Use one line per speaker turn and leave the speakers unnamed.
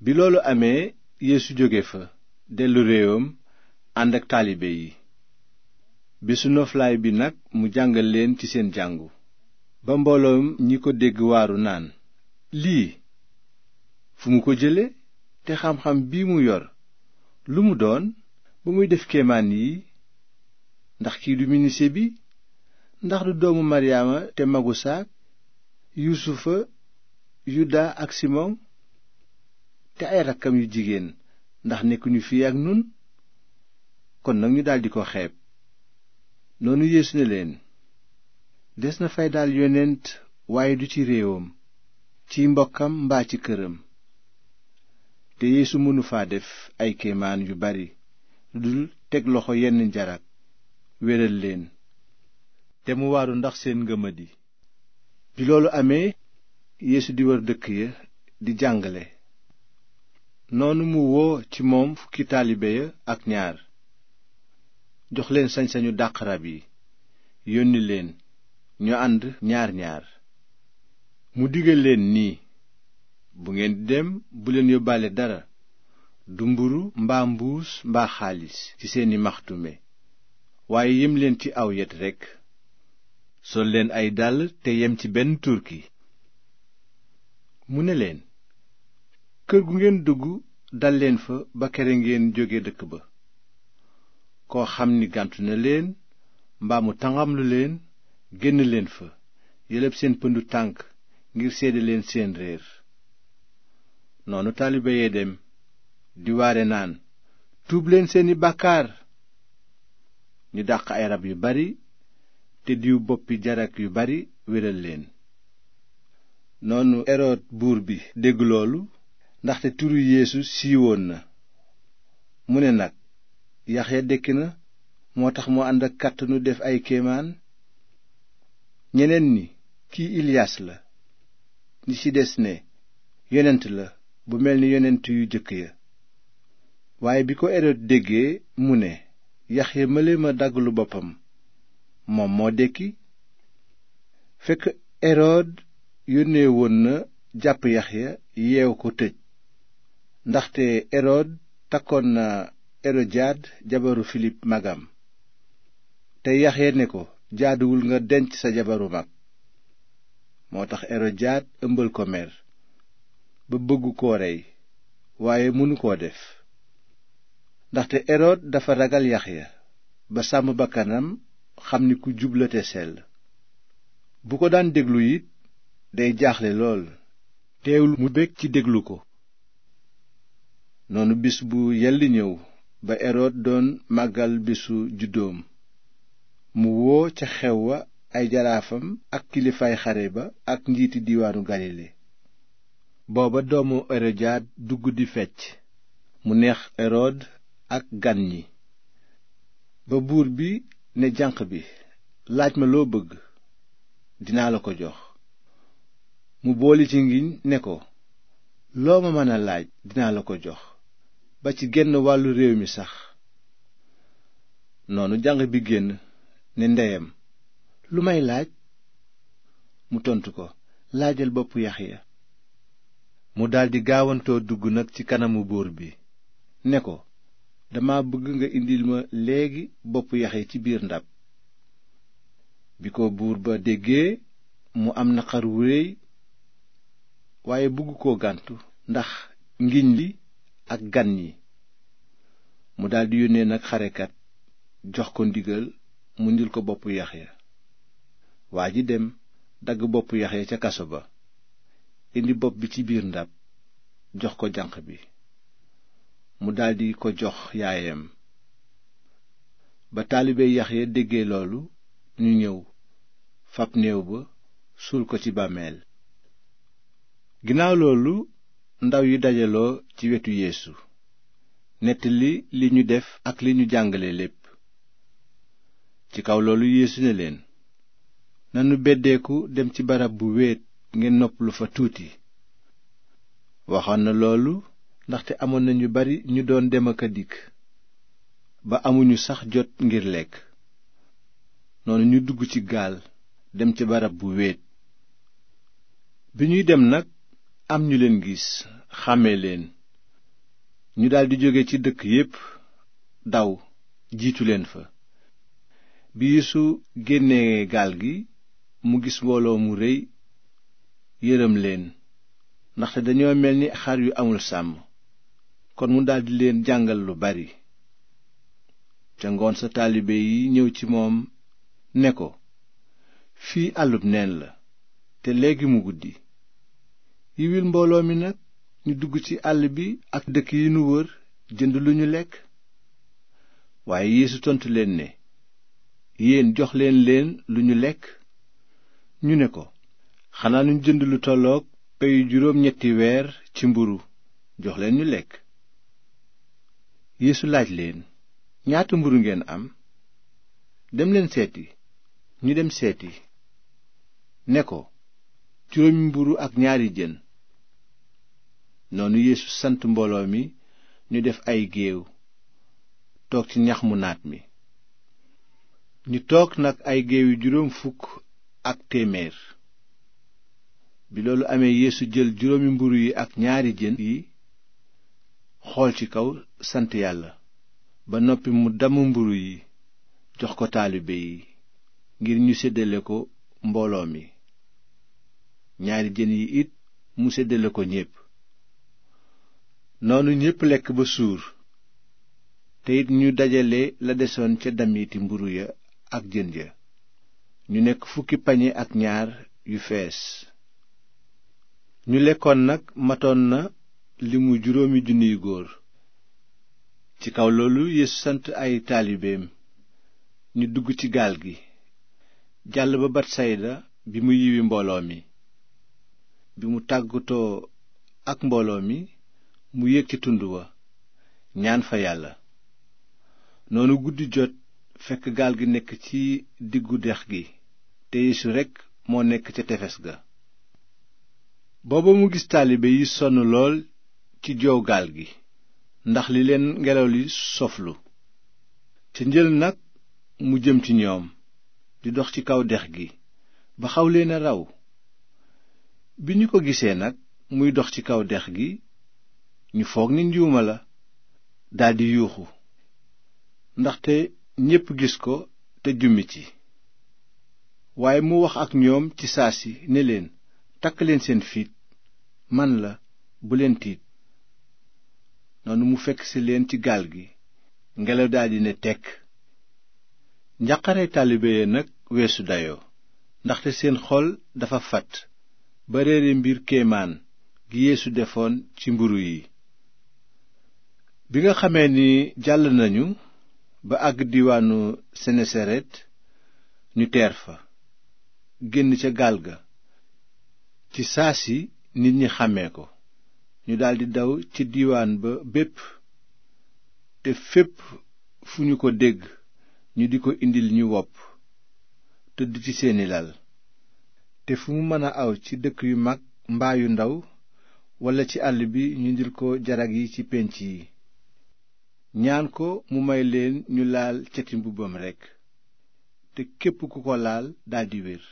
bi loolu amee yéesu jóge fa dellu réewam ànd ak taalibe yi bésu noflaay bi nag mu jàngal leen ci seen jàngu ba mbooloom ñi ko dégg waaru naan lii fu mu ko jële te xam-xam bi mu yor lu mu doon bu muy def kemaan yi ndax kii du minise bi ndax du doomu maryaama te magu saak yuusufa yuda ak simon te ay rakkam yu jigéen ndax nekkuñu fii ak nun kon nag ñu daldi ko xeeb noonu yeesu ne leen des na fay daal yonent waaye du ci réewam ci mbokkam mbaa ci këram te yeesu mënu faa def ay kéemaan yu bari dul teg loxo yenn njarag wéral leen te mu waaru ndax seen ngëmadi bi loolu amee yéesu di wër dëkk ya di jàngale noonu mu woo ci moom fukki taalibe ya ak ñaar jox leen sañ-sañu dàq rab yi yónni leen ñu ànd ñaar ñaar mu digal leen nii bu ngeen di dem bu yóbbaale dara du mburu mbaa mbuus mbaa xaalis ci seeni maxtume waaye yem leen ci aw yet rekk sol leen ay dàll te yem ci benn turki mu ne leen kër gu ngeen dugg dal leen fa ba kere ngeen jóge dëkk ba koo xam ni gàntu na leen mbaamu mu tanqamlu leen génn leen fa yëlëb seen pëndu tànk ngir seede leen seen réer noonu taalibe yee dem di waare naan tuub leen seeni bàkkaar ñu dàq ay rab yu bari te diw boppi jarak yu bari wéral leen noonu erod buur bi dégg loolu ndaxte turu yéesu siiwoon na mu ne nag yaxya dekki na moo tax mu ànd ak kàttanu def ay kéemaan ñeneen ni kii iliyaas la ñi ci des ne yonent la bu mel ni yonent yu jëkk ya waaye bi ko erod déggee mu ne yaxya male ma daggalu boppam moom moo dekki fekk erod yónnee woon na jàpp yax ya yeew ko tëj ndaxte erod takkoon na erodiyaad jabaru filip magam te yaxya ne ko jaaduwul nga denc sa jabaru mag moo tax erodiyaad ëmbal ko mer ba bëggu ko rey waaye mënu koo def ndaxte erod dafa ragal yax ya ba sàmm bakkanam xam ni ku jubla te sell bu ko daan déglu it day jaaxle lool teewul mu bég ci déglu ko noonu bis bu yelli ñëw ba erod doon màggal bisu juddoom mu woo ca xew wa ay jaraafam ak kilifaay xare ba ak njiiti diiwaanu galile booba doomu erojaat dugg di fecc mu neex erod ak gan ñi ba buur bi ne janq bi laaj ma loo bëgg dinaa la ko jox mu booli ci ngi ne ko loo ma mën a laaj dinaa la ko jox ba ci genn wàllu réew mi sax noonu janq bi génn ne ndeyam lu may laaj mu tontu ko laajal boppu yax ya mu daldi gaawantoo dugg nag ci kanamu buur bi ne ko dama bëgg nga indil ma léegi boppu yax Yaxya ci biir ndab bi ko buur ba déggee mu am naqar wu waaye bëgg koo gàntu ndax ngiñ li ak gan yi mu daldi yónnee nag xarekat jox ko ndigal mu ndil ko boppu Yaxya waa ji dem dagg boppu Yaxya ca kaso ba indi bopp bi ci biir ndab jox ko janq bi mu daldi ko jox yaayam ba taalibe Yaxya déggee loolu ñu ñëw fab néew ba suul ko ci bàmmeel ginnaaw loolu ndaw yi dajaloo ci wetu yéesu nettali li ñu def ak li ñu jàngale lépp ci kaw loolu yeesu ne leen nanu beddeeku dem ci barab bu wéet ngeen noppalu fa tuuti waxoon na loolu ndaxte amoon na ñu bari ñu doon dem ak a dikk ba amuñu sax jot ngir lekk noonu ñu dugg ci gaal dem ci barab bu wéet bi ñuy dem nag am ñu leen gis xàmme leen ñu daldi jóge ci dëkk yépp daw jiitu leen fa bi Yeesu génnee gaal gi mu gis mbooloo mu rëy yërëm leen ndaxte dañoo mel ni xar yu amul sàmm kon mu daldi leen jàngal lu bari ca ngoon sa taalibe yi ñëw ci moom ne ko fii àllub neen la te léegi mu guddi yiwil mbooloo mi nag ñu dugg ci àll bi ak dëkk yi nu wër jënd lu ñu lekk waaye Yeesu tontu leen ne yéen jox leen leen lu ñu lekk ñu ne ko xanaa nu jënd lu tollook peyu juróom ñetti weer ci mburu jox leen ñu lekk yéesu laaj leen ñaata mburu ngeen am dem leen seeti ñu dem seeti ne ko juróomi mburu ak ñaari jën noonu Yeesu sant mbooloo mi ñu def ay géew toog ci ñax mu naat mi ñu toog nag ay géew yu juróom fukk ak téeméer bi loolu amee yéesu jël juróomi mburu yi ak ñaari jën yi xool ci kaw sant yàlla ba noppi mu damm mburu yi jox ko taalibe yi ngir ñu seddale ko mbooloo mi ñaari jën yi it mu seddale ko ñépp noonu ñépp lekk ba suur te ñu dajale la desoon ca damiti mburu ya ak jën ya ñu nekk fukki pañe ak ñaar yu fees ñu lekkoon nag matoon na li mu juróomi junniy góor ci kaw loolu Yeesu sant ay taalibeem ñu dugg ci gaal gi jàll ba Batsayda bi mu yiwi mbooloo mi bi mu tàggatoo ak mbooloo mi mu yéeg ci tund wa ñaan fa yàlla noonu guddi jot fekk gaal gi nekk ci diggu dex gi te yeesu rekk moo nekk ca tefes ga booba mu gis taalibe yi sonn lool ci joow gaal gi ndax li leen ngelaw li soflu ca njël nag mu jëm ci ñoom di dox ci kaw dex gi ba xaw leen a raw bi ñu ko gisee nag muy dox ci kaw dex gi ñu foog ni njuuma la daldi yuuxu ndaxte ñépp gis ko te jummi ci waaye mu wax ak ñoom ci saa si ne leen takk leen seen fit man la bu leen tiit noonu mu fekk si leen ci gaal gi ngelaw daldi ne tekk njàqare taalibe ya nag weesu dayoo ndaxte seen xol dafa fat ba réere mbir kéemaan gi yeesu defoon ci mburu yi bi nga xamee ni jàll nañu ba àgg diiwaanu senesaret ñu teer fa génn ca gaal ga ci saa si nit ñi xàmmee ko ñu daldi daw ci diiwaan ba bépp te fépp fu ñu ko dégg ñu di ko indil ñu wopp tëdd ci seeni lal te fu mu mën a aw ci dëkk yu mag mbaa yu ndaw walla ci àll bi ñu indil ko jarag yi ci pénc yi ñaan ko mu may leen ñu laal cati mbubbam rekk te képp ku ko laal daldi wér